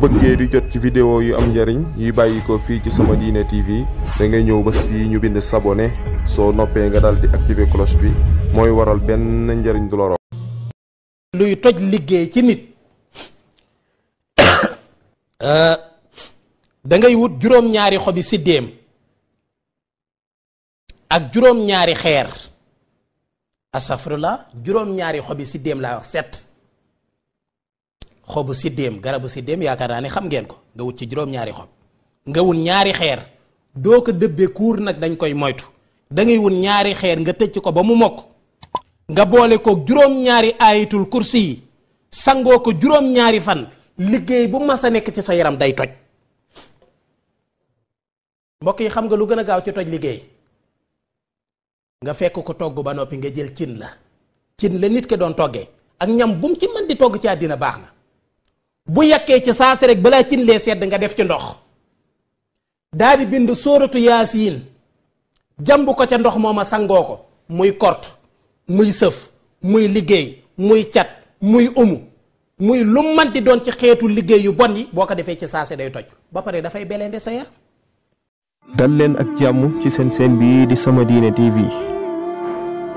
bëggee jot ci vidéo yu am yi bàyyi fii ci sama diine TV da ñëw bés ñu bind sabonné soo noppee nga daal di bi mooy waral benn njëriñ du loro luy toj liggéey ci nit euh, dangay wut juróom-ñaari xobi siddéem ak juróom-ñaari xeer asafrula juróom-ñaari xobi siddéem laa wax set xobu siddéem garabu siddéem yaakaar naa ne xam ngeen ko nga wut ci juróom-ñaari xob nga wut ñaari xeer doo ko dëbbee kuur nag dañ koy moytu da ngay wut ñaari xeer nga tëj ko ba mu mokk nga boole kook juróom-ñaari aayatul kursi yi sangoo ko juróom-ñaari fan liggéey bu mas sa nekk ci sa yaram day toj mbokk yi xam nga lu gën a gaaw ci toj liggéey nga fekk ko togg ba noppi nga jël cin la cin la nit ko doon toggee ak ñam bu mu ci mën di togg ci àddina baax na bu yàkkee ci saasi rek balaa cin lee sedd nga def ci ndox daal di bind sóoratu yaasiin jàmb ko ca ndox mooma sangoo ko muy kort muy sëf muy liggéey muy cat muy umu muy lu man di doon ci xeetu liggéey yu bon yi boo ko defee ci saasi day toj ba pare dafay beleende sa yaram dal leen ak jàmm ci seen seen bii di sama diine tv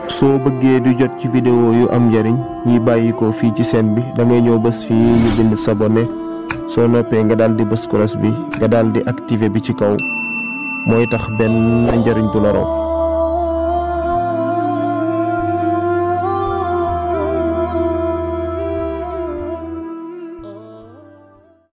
so beugé du jot ci vidéo yu am jariñ ñi bayiko fi ci sem eh. bi da ngay ñew bëss fi ñu bind s'abonner so noppé nga dal di bëss bi nga dal di activer bi ci kaw moy tax ben ñariñ du la rob